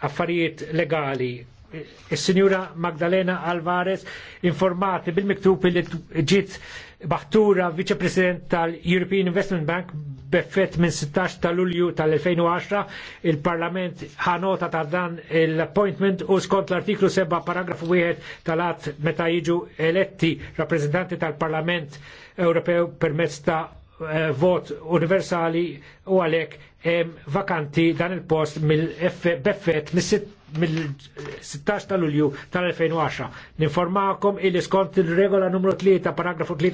affarijiet legali. il sinjura Magdalena Alvarez informati bil-miktub li ġiet baħtura viċe-president tal-European Investment Bank beffett minn 16 ta' Lulju tal-2010 il-Parlament ħanota ta' dan l-appointment u skont l-artiklu 7 paragrafu 1 tal-att meta jiġu eletti rappresentanti tal-Parlament Ewropew permezz ta' Eh, vot universali u għalek eh, vakanti dan il-post mill-beffet mill-16 tal-ulju tal-2010. Ninformakom il-skont il-regola numru 3 paragrafu 3